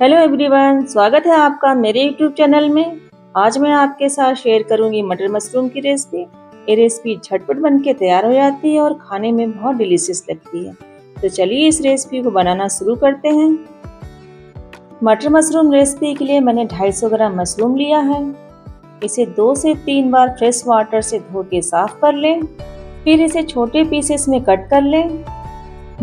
Hello everyone स्वागत है आपका मेरे यूट्यूब चैनल में आज मैं आपके साथ शेयर करूंगी मटर मशरूम की रेसिपी ये रेसिपी झटपट बन के तैयार हो जाती है और खाने में बहुत डिलीशियस लगती है तो चलिए इस रेसिपी को बनाना शुरू करते हैं मटर मशरूम रेसिपी के लिए मैंने 250 ग्राम मशरूम लिया है इसे दो से तीन बार फ्रेश वाटर से धो के साफ कर लें फिर इसे छोटे पीसेस में कट कर लें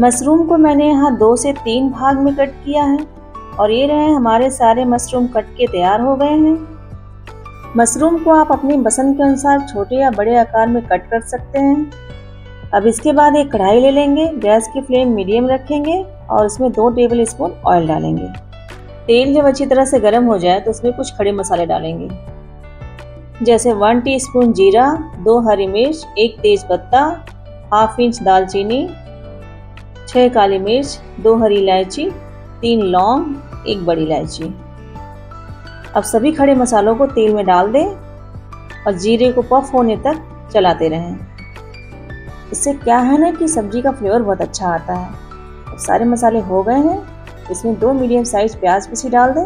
मशरूम को मैंने यहाँ दो से तीन भाग में कट किया है और ये रहे हमारे सारे मशरूम कट के तैयार हो गए हैं मशरूम को आप अपनी पसंद के अनुसार छोटे या बड़े आकार में कट कर सकते हैं अब इसके बाद एक कढ़ाई ले लेंगे गैस की फ्लेम मीडियम रखेंगे और उसमें दो टेबल स्पून ऑयल डालेंगे तेल जब अच्छी तरह से गर्म हो जाए तो उसमें कुछ खड़े मसाले डालेंगे जैसे वन टी जीरा दो हरी मिर्च एक तेज पत्ता हाफ इंच दालचीनी छः काली मिर्च दो हरी इलायची तीन लौंग एक बड़ी इलायची अब सभी खड़े मसालों को तेल में डाल दें और जीरे को पफ होने तक चलाते रहें इससे क्या है ना कि सब्जी का फ्लेवर बहुत अच्छा आता है अब सारे मसाले हो गए हैं इसमें दो मीडियम साइज प्याज पीसी डाल दें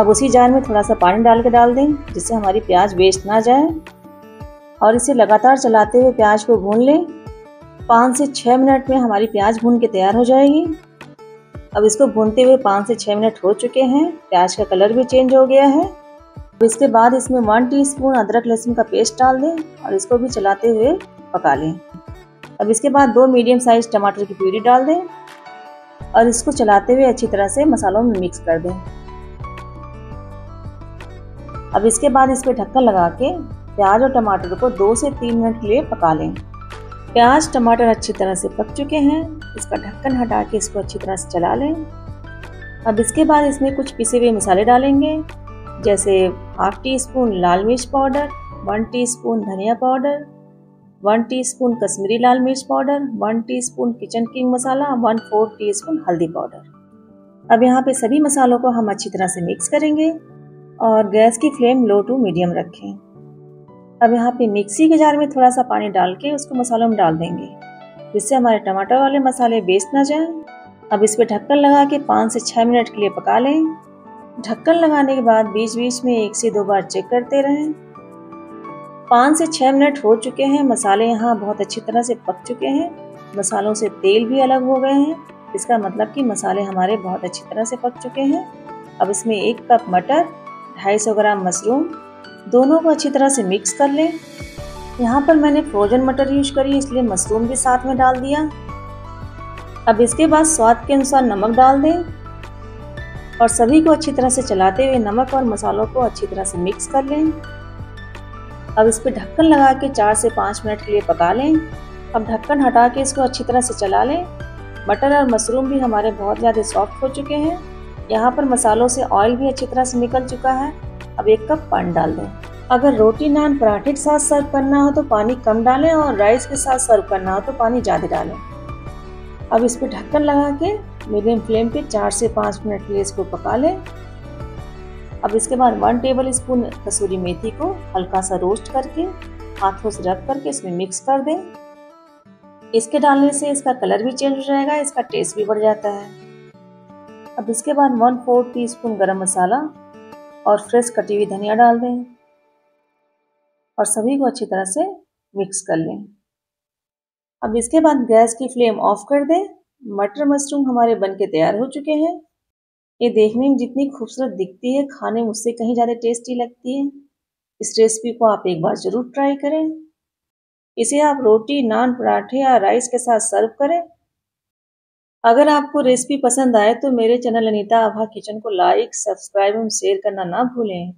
अब उसी जार में थोड़ा सा पानी डाल के डाल दें जिससे हमारी प्याज वेस्ट ना जाए और इसे लगातार चलाते हुए प्याज को भून लें पाँच से छः मिनट में हमारी प्याज भून के तैयार हो जाएगी अब इसको भूनते हुए पाँच से छः मिनट हो चुके हैं प्याज का कलर भी चेंज हो गया है अब इसके बाद इसमें वन टीस्पून अदरक लहसुन का पेस्ट डाल दें और इसको भी चलाते हुए पका लें अब इसके बाद दो मीडियम साइज टमाटर की प्यूरी डाल दें और इसको चलाते हुए अच्छी तरह से मसालों में मिक्स कर दें अब इसके बाद इस पर ढक्कन लगा के प्याज और टमाटर को दो से तीन मिनट के लिए पका लें प्याज टमाटर अच्छी तरह से पक चुके हैं इसका ढक्कन हटा के इसको अच्छी तरह से चला लें अब इसके बाद इसमें कुछ पिसे हुए मसाले डालेंगे जैसे हाफ टी स्पून लाल मिर्च पाउडर वन टी स्पून धनिया powder one teaspoon Kashmiri लाल मिर्च powder one teaspoon kitchen king masala one four teaspoon हल्दी पाउडर अब यहाँ पे सभी मसालों को हम अच्छी तरह से मिक्स करेंगे और गैस की फ्लेम लो टू मीडियम रखें अब यहाँ पे मिक्सी के जार में थोड़ा सा पानी डाल के उसको मसालों में डाल देंगे जिससे हमारे टमाटर वाले मसाले बेच ना जाएं। अब इस पर ढक्कन लगा के पाँच से छः मिनट के लिए पका लें ढक्कन लगाने के बाद बीच बीच में एक से दो बार चेक करते रहें पाँच से छः मिनट हो चुके हैं मसाले यहाँ बहुत अच्छी तरह से पक चुके हैं मसालों से तेल भी अलग हो गए हैं इसका मतलब कि मसाले हमारे बहुत अच्छी तरह से पक चुके हैं अब इसमें एक कप मटर ढाई सौ ग्राम मशरूम दोनों को अच्छी तरह से मिक्स कर लें यहाँ पर मैंने फ्रोजन मटर यूज करी इसलिए मशरूम भी साथ में डाल दिया अब इसके बाद स्वाद के अनुसार नमक डाल दें और सभी को अच्छी तरह से चलाते हुए नमक और मसालों को अच्छी तरह से मिक्स कर लें अब इस पर ढक्कन लगा के चार से पाँच मिनट के लिए पका लें अब ढक्कन हटा के इसको अच्छी तरह से चला लें मटर और मशरूम भी हमारे बहुत ज़्यादा सॉफ्ट हो चुके हैं यहाँ पर मसालों से ऑयल भी अच्छी तरह से निकल चुका है अब एक कप पानी डाल दें अगर रोटी नान पराठे के साथ सर्व करना हो तो पानी कम डालें और राइस के साथ सर्व करना हो तो पानी ज़्यादा डालें अब इस पर ढक्कन लगा के मीडियम फ्लेम पे चार से पाँच मिनट के लिए इसको पका लें अब इसके बाद वन टेबल स्पून कसूरी मेथी को हल्का सा रोस्ट करके हाथों से रख करके इसमें मिक्स कर दें इसके डालने से इसका कलर भी चेंज हो जाएगा इसका टेस्ट भी बढ़ जाता है अब इसके बाद one four teaspoon garam masala और फ्रेश कटी हुई धनिया डाल दें और सभी को अच्छी तरह से मिक्स कर लें अब इसके बाद गैस की फ्लेम ऑफ कर दें मटर मशरूम हमारे बन के तैयार हो चुके हैं ये देखने में जितनी खूबसूरत दिखती है खाने में उससे कहीं ज़्यादा टेस्टी लगती है इस रेसिपी को आप एक बार ज़रूर ट्राई करें इसे आप रोटी नान पराठे या राइस के साथ सर्व करें अगर आपको रेसिपी पसंद आए तो मेरे चैनल अनीता आभा किचन को लाइक सब्सक्राइब एवं शेयर करना ना भूलें